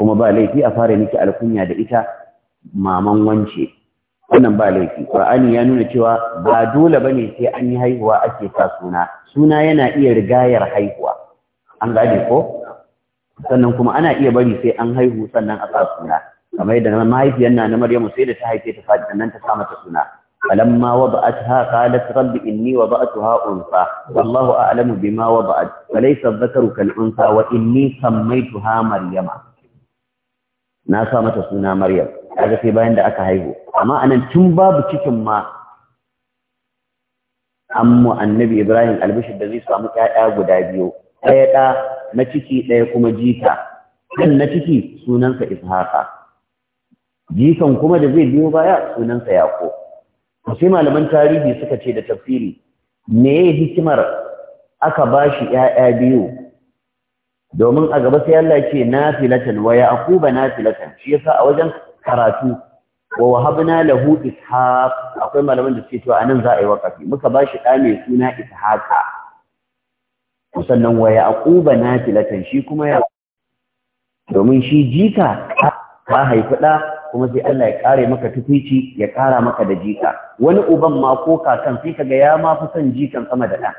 kuma ba laifi a fara miki alkunya da ita maman wance wannan ba laifi qur'ani ya nuna cewa ba dole bane sai an yi haihuwa ake sa suna suna yana iya rigayar haihuwa an gane ko sannan kuma ana iya bari sai an haihu sannan a sa suna kamar yadda mahaifiyar na na Maryamu sai da ta haife ta fadi sannan ta sa mata suna فلما وضعتها قالت رب إني وضعتها أنثى والله أعلم بما وضعت فليس الذكر كالأنثى وإني Na sa mata suna Maryam. kaga sai bayan da aka haihu amma anan tun babu cikin ma amma annabi Ibrahim albishir da zai samu ƴaƴa guda biyu ɗaya ɗa na ciki ɗaya kuma jita kan na ciki sunansa Ishaqa jikan kuma da zai biyo baya sunansa to sai malaman tarihi suka ce da tafsiri me hikimar aka bashi ƴaƴa biyu domin a gaba sai Allah ya ce nafilatan wa yaquba nafilatan shi yasa a wajen karatu wa wahabna lahu ishaq akwai malaman da suke cewa anan za a yi wakafi muka ba shi ɗa mai suna ishaqa sannan wa yaquba nafilatan shi kuma ya domin shi jika ta haifi ɗa kuma sai Allah ya kare maka tufici ya kara maka da jika wani uban ma ko kakan sai kaga ya ma fi son jikan sama da ɗan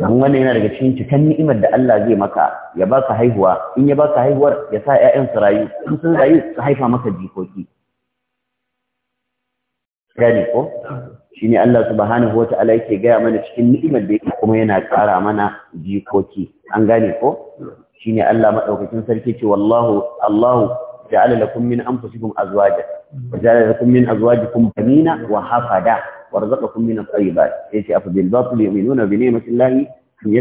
don wannan yana daga cikin cikin ni'imar da Allah zai maka ya baka haihuwa in ya baka haihuwar ya sa ƴaƴan su rayu in sun rayu su haifa maka jikoki gani ko shine Allah subhanahu wata'ala yake gaya mana cikin ni'imar da yake kuma yana ƙara mana jikoki an gane ko shine Allah madaukakin sarki ce wallahu Allahu ja'ala lakum min anfusikum azwaja ja'ala lakum min azwajikum banina wa hafada warzuqakum min at-tayyibat yace afa bil batil yu'minuna bi ni'mati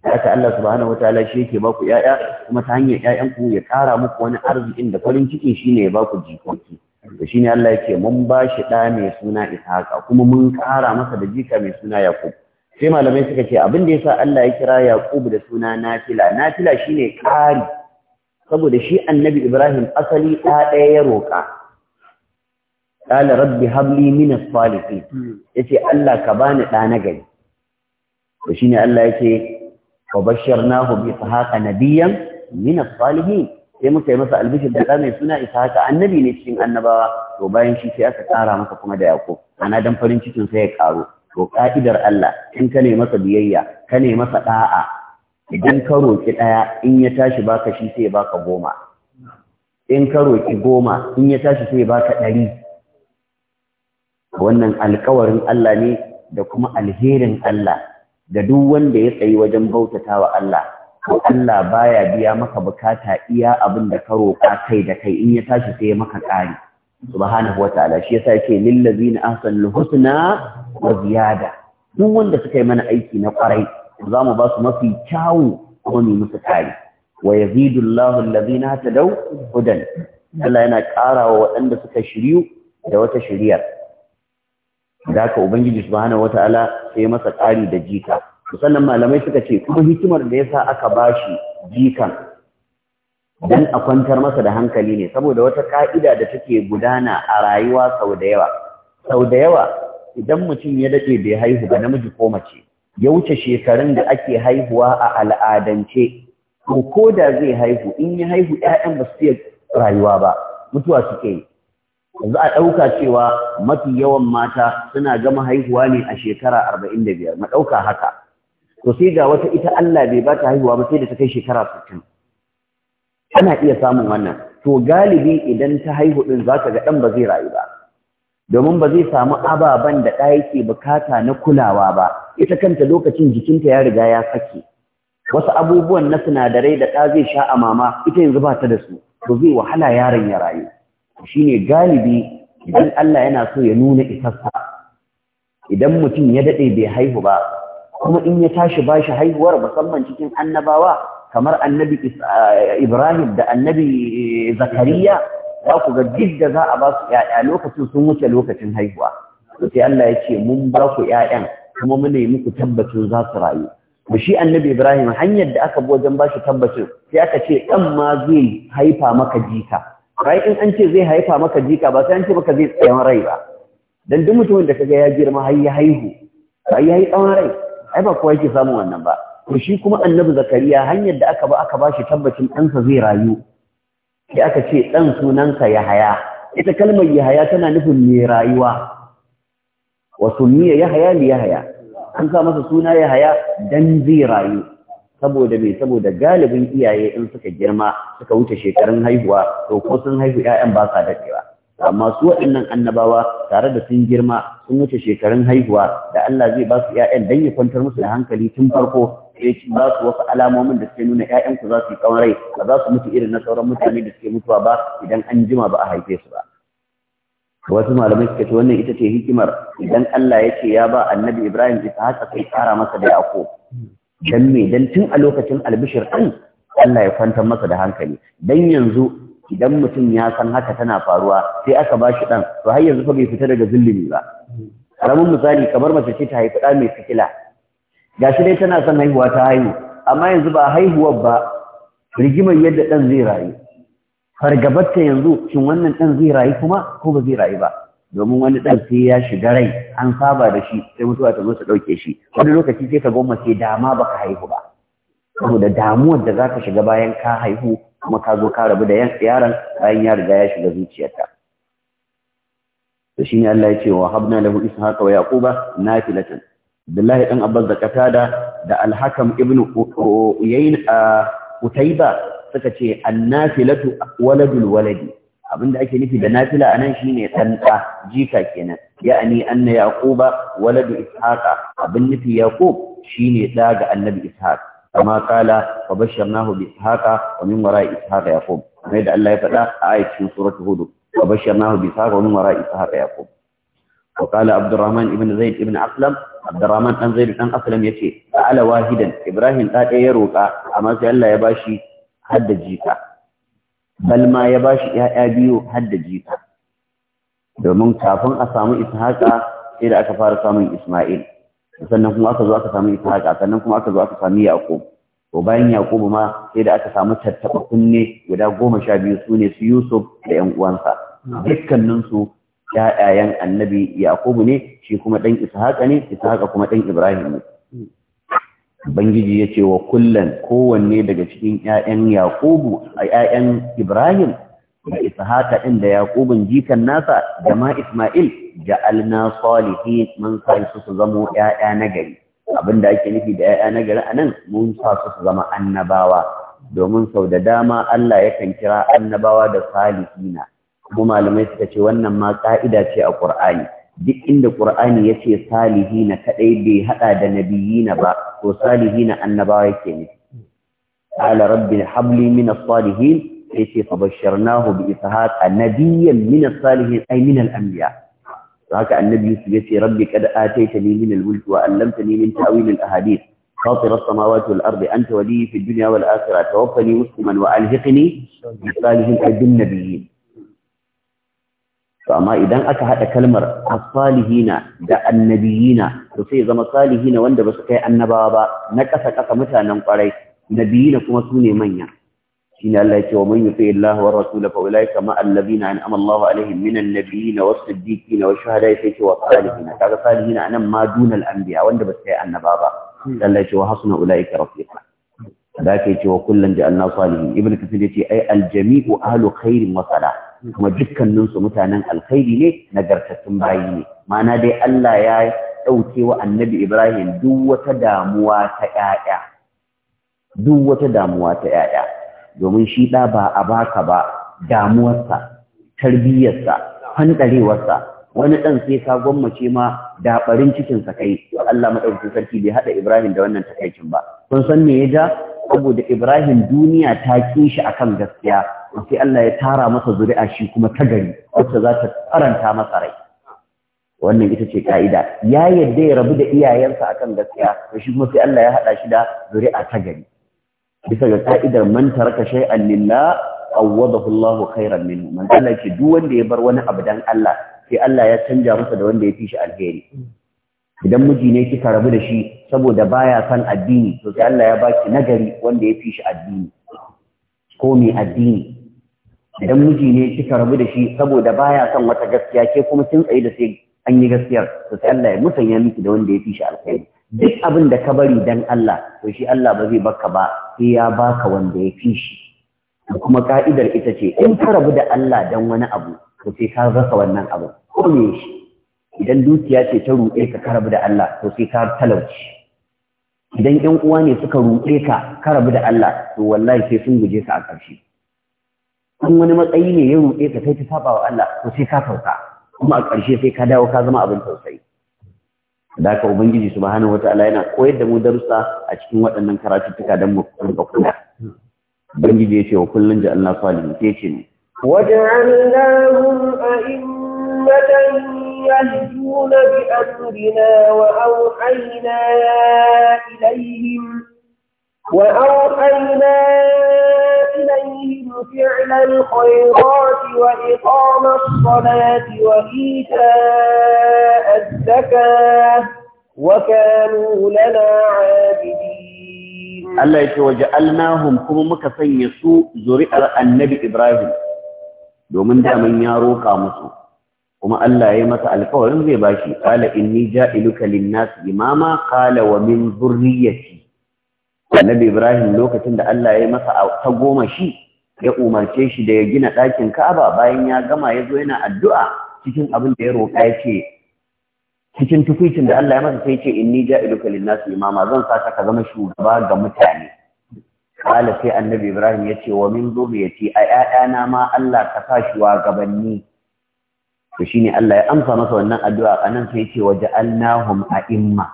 haka Allah subhanahu wataala shi yake baku yaya kuma ta hanyar yayan ku ya kara muku wani arzikin da farin ciki shine ya baku jikoki to shine Allah yake mun ba shi da mai suna Ishaqa kuma mun kara masa da jika mai suna Yaqub sai malamai suka ce abin da yasa Allah ya kira Yaqub da suna Nafila Nafila shine kari saboda shi Annabi Ibrahim asali da ɗaya ya roka qala rabbi habli min as-salihin yace Allah ka bani da na gari to shine Allah yace wa basharnahu bi ishaqa nabiyyan min as-salihin sai muka yi masa albishir da mai suna ishaqa annabi ne cikin annabawa to bayan shi sai aka tsara masa kuma da yaqub ana dan farin cikin sai ya karo to ka'idar Allah in ka ne masa biyayya ka ne masa da'a idan ka roki daya in ya tashi baka shi sai baka goma in ka roki goma in ya tashi sai baka ɗari wannan alkawarin Allah ne da kuma alherin Allah da duk wanda ya tsayi wajen bautata wa Allah ko Allah baya biya maka bukata iya abin da ka roƙa kai da kai in ya tashi sai maka ƙari subhanahu wataala shi yasa yake lil ladina ahsanul husna wa ziyada duk wanda suka yi mana aiki na ƙwarai zamu basu ba su mafi kyawu kuma mu musu ƙari wa yazidu Allahu alladhina tadaw hudan Allah yana ƙara wa waɗanda suka shiryu da wata shiriyar da haka ubangiji subhanahu wataala sai masa ƙari da jika musallan malamai suka ce kuma hikimar da yasa aka bashi jikan dan a kwantar masa da hankali ne saboda wata ka'ida da take gudana a rayuwa sau da yawa sau da yawa idan mutum ya dace bai haihu ga namiji ko mace ya wuce shekarun da ake haihuwa a al'adance ko ko da zai haihu in ya haihu 'ya'yan ba su iya rayuwa ba mutuwa suke yi yanzu a ɗauka cewa mafi yawan mata suna gama haihuwa ne a shekara arba'in da biyar ɗauka haka to sai ga wata ita Allah bai ba ta haihuwa ba sai da ta kai shekara sittin ana iya samun wannan to galibi idan ta haihu ɗin za ga ɗan ba zai rayu ba domin ba zai samu ababen da ɗaya yake bukata na kulawa ba ita kanta lokacin jikinta ya riga ya sake wasu abubuwan na sinadarai da ɗa zai sha a mama ita yanzu ba ta da su to zai wahala yaron ya rayu shine galibi idan Allah yana so ya nuna isarsa idan mutum ya daɗe bai haihu ba kuma in ya tashi ba shi haihuwar musamman cikin annabawa kamar annabi eh, Ibrahim da annabi eh, Zakariya za ku ga duk da za a ba su ‘ya'ya lokacin sun wuce lokacin haihuwa sai Allah ya ce mun ba ku ‘ya'yan kuma muna yi muku tabbacin za su rayu da shi annabi Ibrahim hanyar da aka bi wajen ba shi tabbacin sai aka ce ɗan ma zai haifa maka jika rai in an ce zai haifa maka jika ba sai an ce maka zai tsayan rai ba dan duk mutumin da kaga ya girma har ya haihu bai ya yi tsawon rai ai ba kowa yake samun wannan ba to shi kuma annabi zakariya hanyar da aka ba aka ba shi tabbacin ɗansa zai rayu sai aka ce ɗan sunansa ya haya ita kalmar ya haya tana nufin mai rayuwa Wasu miya ya haya li ya haya an sa masa suna ya haya dan zai rayu saboda bai saboda galibin iyaye in suka girma suka wuce shekarun haihuwa to ko sun haihu ƴaƴan ba sa dadewa amma su waɗannan annabawa tare da sun girma sun wuce shekarun haihuwa da Allah zai ba su ƴaƴan dan ya kwantar musu da hankali tun farko sai ci ba su wasu alamomin da suke nuna ƴaƴan ku za su yi tsawon rai ba za su mutu irin na sauran mutane da suke mutuwa ba idan an jima ba a haife su ba wasu malamai suka ce wannan ita ce hikimar idan Allah ya ce ya ba annabi Ibrahim haka sai kara masa da Yaqub can me dan tun a lokacin albishir ɗin, Allah ya kwantar masa da hankali dan yanzu idan mutum ya san haka tana faruwa sai aka ba shi ɗan to har yanzu fa bai fita daga zulumi ba karamin misali kamar mace ce ta haifi ɗa mai sikila Ga shi dai tana son haihuwa ta haihu amma yanzu ba haihuwar ba rigimar yadda ɗan zai rayu fargabarta yanzu shin wannan ɗan zai rayu kuma ko ba zai rayu ba domin wani ɗan sai ya shiga rai an saba da shi sai mutuwa ta zo ɗauke shi wani lokaci sai ka goma sai dama ka haihu ba saboda damuwar da za ka shiga bayan ka haihu kuma ka zo ka rabu da yaran bayan ya riga ya shiga zuciyarka shi ne Allah ya ce wa habna lahu ishaqa wa yaquba nafilatan Abdullahi dan Abbas da Katada da alhakam ibnu ibn Uyayna uh, utaiba suka ce annafilatu waladul waladi abinda ake nufi da nafila anan shine ɗanɗa jika kenan ya'ani anna yaquba waladu ishaqa abin nufi yaqub shine da ga annabi ishaq kama kala wa basharnahu bi ishaqa wa min wara'i ishaqa yaqub kamar da Allah ya faɗa a ayatin suratul hud wa basharnahu bi ishaqa wa min wara'i ishaqa yaqub wa kala abdurrahman ibn zaid ibn aslam abdurrahman dan zaid dan aslam yace ala wahidan ibrahim da ya roƙa, amma sai Allah ya bashi hadda jika balma ya bashi shi ‘ya'ya biyu har da jita. domin kafin a samu ishaƙa sai da aka fara samun Ismail, sannan kuma aka zo aka samu ishaƙa, sannan kuma aka zo aka samu Yaƙub. To bayan Yaƙubu ma sai da aka samu tattaɓa kunne guda goma sha biyu su su Yusuf da ‘yan uwansa. su ‘ya'yayen annabi Yaƙubu ne, shi kuma ɗan Ishaƙa ne, Ishaƙa kuma ɗan Ibrahim ne. Bangiji ya ce wa kullum kowanne daga cikin ‘ya'yan Yaƙubu a ‘ya'yan Ibrahim da isa ɗin da Yaƙubun jikan nasa da ma Ismail alna salihin mun sa su su zamo ‘ya'ya na gari. Abin da ake nufi da ‘ya'ya na gari a nan mun sa su su zama annabawa domin sau da dama Allah yakan kira annabawa da salihina. Kuma malamai suka ce wannan ma ƙa'ida ce a Ƙur'ani. duk inda qur'ani yace salihina kadai bai haɗa da nabiyina ba ko salihina annabawa yake ne ala rabbi habli min as-salihin yace fabasharnahu bi ishaq nabiyyan min as-salihin ay min al haka annabi ya yace rabbi kad ataitani min al-mulk wa allamtani min ta'wil al-ahadith فاطر السماوات والأرض أنت ولي في الدنيا والآخرة توفني مسلما وألهقني بالصالحين أي بالنبيين to amma idan aka haɗa kalmar as-salihina da annabiyina to sai zama salihina wanda ba su kai annabawa ba na ƙasa ƙasa mutanen ƙwarai nabiyina kuma su ne manya shine Allah ya ce wa man yuti Allah wa rasul fa ulaika ma alladhina an'ama Allahu alaihim minan nabiyyin was-siddiqin wash-shuhada'i sai ce wa salihin kaga Salihina anan ma dunal anbiya wanda ba su kai Annabawa ba Allah ce wa hasuna ulaika rafiqa da yake cewa kullun ja'alna salihin ibnu kathir yace ai al-jami'u ahlu khairin wa salah kuma dukkaninsu mutanen alkhairi ne nagartattun bayi ne mana dai Allah ya ɗauke wa annabi Ibrahim duk wata damuwa ta ‘ya'ya duk wata damuwa ta ‘ya'ya domin shi ɗa ba a baka ba damuwarsa tarbiyyarsa fanɗarewarsa wani ɗan sai ka gwammace ma daɓarin cikinsa kai Allah maɗauki sarki bai haɗa Ibrahim da wannan takaicin ba kun san me ya ja saboda Ibrahim duniya ta kin shi akan gaskiya sai Allah ya tara masa zuri'a shi kuma ta gari wacce za ta karanta masa rai wannan ita ce ka'ida ya yadda ya rabu da iyayensa akan gaskiya to shi kuma sai Allah ya hada shi da zuri'a ta gari bisa ga ka'idar man taraka shay'an lillah awwadahu Allahu khairan minhu man Allah ce duk wanda ya bar wani abu dan Allah sai Allah ya canja masa da wanda ya fi shi alheri idan miji ne kika rabu da shi saboda baya kan addini to sai Allah ya baki nagari wanda ya fi shi addini ko mai addini idan miji ne kika rabu da shi saboda baya son wata gaskiya ke kuma kin tsaye da sai an yi gaskiyar to sai Allah ya musanya miki da wanda ya fi shi alkhairi duk abin da ka bari dan Allah to shi Allah ba zai baka ba sai ya baka wanda ya fi shi kuma ka'idar ita ce in ka rabu da Allah dan wani abu to sai ka rasa wannan abu ko me shi idan dukiya ce ta ruɗe ka ka rabu da Allah to sai ka talauci idan ƴan uwa ne suka ruɗe ka ka rabu da Allah to wallahi sai sun guje ka a ƙarshe an wani matsayi ne ya ruɗe ka sai ta saba wa Allah ko sai ka sauka kuma a ƙarshe sai ka dawo ka zama abin tausayi da ka ubangiji subhanahu wataala yana koyar da mu darussa a cikin waɗannan karatuttuka dan mu rinka kula ubangiji ya ce wa kullun Allah salihin sai ce ne waja'alnahum a'immatan يهدون بأمرنا وأوحينا إليهم وأوحينا إليهم فعل الخيرات وإقام الصلاة وإيتاء الزكاة وكانوا لنا عابدين الله يتوى جعلناهم كم مكسن يسوء زرئ النبي إبراهيم من دومن دامن يارو قاموسو وما الله يمسى الفور زي باشي قال إني جائلك للناس إماما قال ومن ذريتي annabi ibrahim lokacin da Allah ya yi masa ta goma shi ya umarce shi da ya gina ɗakin ka'aba bayan ya gama ya zo yana addu'a cikin abin da ya roƙa ya ce cikin tukwicin da Allah ya masa sai ce inni ilu kalin nasu imama zan saka ka zama shugaba ga mutane Kala sai annabi Ibrahim ya ce wa min zurriyati a ƴaƴana ma Allah ka sa shi wa gabanni. To shi Allah ya amsa masa wannan addu'a a nan sai ce wa ja'alnahum a imma.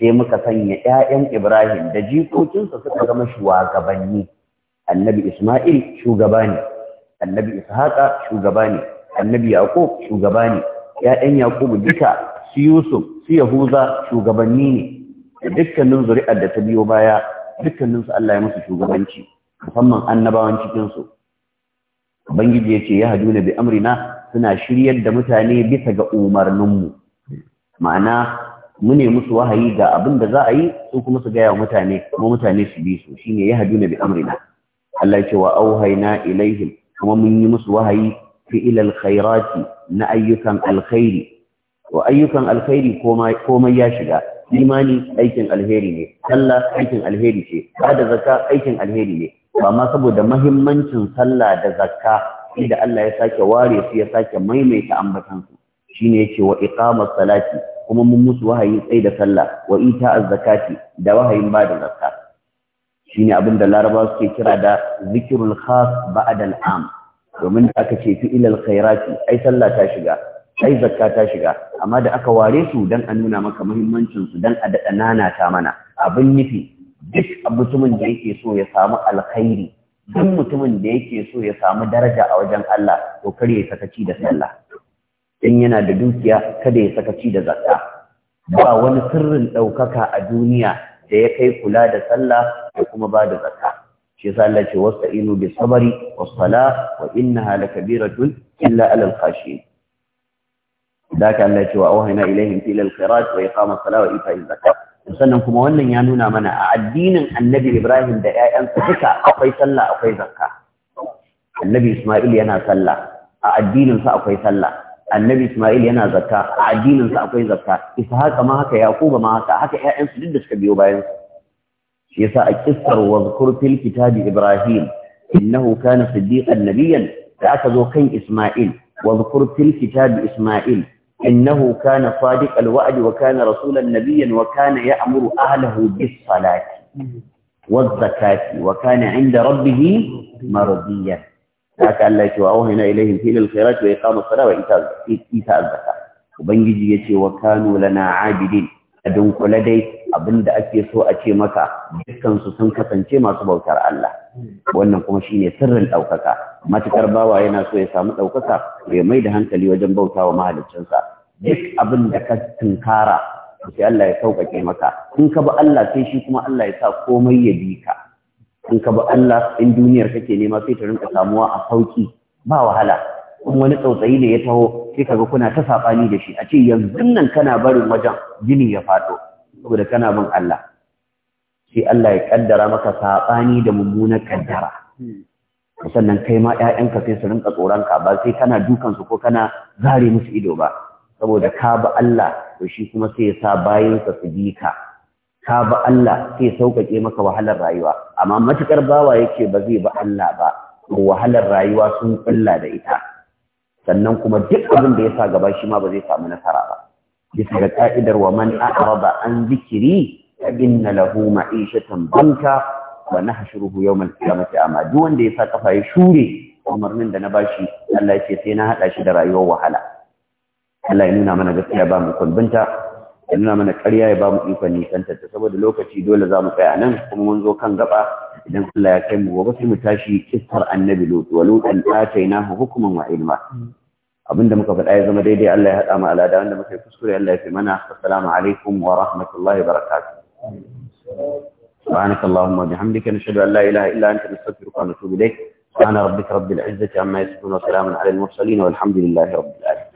sai muka sanya ‘ya'yan Ibrahim da jikokinsa suka zama shugabanni, annabi Ismail shugaba ne, annabi Ishaqa shugaba ne, annabi Yaqub shugaba ne, ‘ya'yan Yaqubu duka su Yusuf su Yahuza shugabanni ne, da dukkanin zuri'ar da ta biyo baya dukkaninsu Allah ya musu shugabanci, musamman annabawan cikinsu. Bangiji ya ce, Ya na bi amrina suna shiryar da mutane bisa ga umarninmu. Ma'ana mu ne musu wahayi ga abin da za a yi su kuma su gaya wa mutane kuma mutane su bi su shine ya haduna bi amrina Allah ya ce wa na, ilaihim kuma mun yi musu wahayi fi ilal khairati na ayyukan alkhairi wa ayyukan alkhairi komai ya shiga imani aikin alheri ne sallah aikin alheri ce bada zakka aikin alheri ne ba ma saboda mahimmancin sallah da zakka inda Allah ya sake ware su ya sake maimaita ambatansu shine yake wa iqamat salati kuma mun musu wahayi tsaye da sallah wa ita zakati da wahayin ba da zakka shine abin da Laraba suke kira da zikirin khas ba'da am domin da aka ce fi ilal khairati ai sallah ta shiga ai zakka ta shiga amma da aka ware su dan a nuna maka muhimmancin su dan a dada nana ta mana abin nufi duk mutumin da yake so ya samu alkhairi duk mutumin da yake so ya samu daraja a wajen Allah to kar ya sakaci da sallah in yana da dukiya kada ya sakaci da zakka ba wani sirrin ɗaukaka a duniya da ya kai kula da sallah da kuma ba da zakka shi yasa Allah ce inu bi sabari, was sala wa innaha lakabiratun illa alal khashin ذاك Allah wa auhayna ilaihim fil alqirat wa iqama as wa ita'i zakat sannan kuma wannan ya nuna mana a addinin Annabi Ibrahim da ƴaƴansa duka akwai sallah akwai zakka Annabi Isma'il yana sallah a addinin sa akwai sallah annabi Ismail yana zakka a addinin sa akwai zakka haka ma haka Yaquba ma haka haka ƴaƴan su duk suka biyo bayan su yasa a kissar wa zkur fil kitabi Ibrahim innahu kana siddiqan nabiyyan da aka zo kan Ismail wa zkur fil kitabi Ismail innahu kana sadiqal wa'd wa kana rasulan nabiyyan wa kana ya'muru ahlihi bis salati wakana inda عند ربه مرضيا haka Allah yake wa auhayna ilaihim fil khairat wa iqamus salat wa ita zakat ubangiji ce wa kanu lana abidin adun kula dai abinda ake so a ce maka dukkan su sun kasance masu bautar Allah wannan kuma shine sirrin daukaka matukar bawa yana so ya samu daukaka bai mai da hankali wajen bautawa mahaliccinsa duk abin da ka tunkara sai Allah ya sauƙaƙe maka in ka bi Allah sai shi kuma Allah ya sa komai ya bi ka in ka bi Allah in duniyar kake nema sai ta rinka samuwa a sauki ba wahala in wani tsautsayi ne ya taho sai ka ga kuna ta saɓani da shi a ce yanzu nan kana barin wajen jini ya faɗo saboda kana bin Allah sai Allah ya kaddara maka saɓani da mummunar kaddara sannan kai ma ƴaƴanka sai su rinka tsoron ka ba sai kana dukan su ko kana zare musu ido ba saboda ka bi Allah to shi kuma sai ya sa bayansa su bi ka ka bi Allah sai sauƙaƙe maka wahalar rayuwa amma matukar bawa yake ba zai ba Allah ba wahalar rayuwa sun kulla da ita sannan kuma duk abin da ya sa gaba shi ma ba zai samu nasara ba bisa ga ka'idar wa man a'rada an zikiri fa inna lahu ma'ishatan banka wa nahshuruhu yawmal qiyamati ama duk wanda ya sa kafa ya shure umarnin da na bashi Allah ya ce sai na hada shi da rayuwar wahala Allah ya nuna mana gaskiya ba mu kulbinta ina mana ƙarya ya ba mu ikon nisantar ta saboda lokaci dole za mu tsaya nan kuma mun zo kan gaba idan Allah ya kai mu gobe sai mu tashi kissar annabi Lut wa lutan hu hukuman wa ilma abinda muka faɗa ya zama daidai Allah ya haɗa mu alada wanda muka yi kuskure Allah ya fi mana assalamu alaikum wa rahmatullahi wa barakatuh سبحانك اللهم وبحمدك نشهد ان لا اله الا انت نستغفرك ونتوب اليك سبحان ربك رب العزه عما يصفون وسلام على المرسلين والحمد لله رب العالمين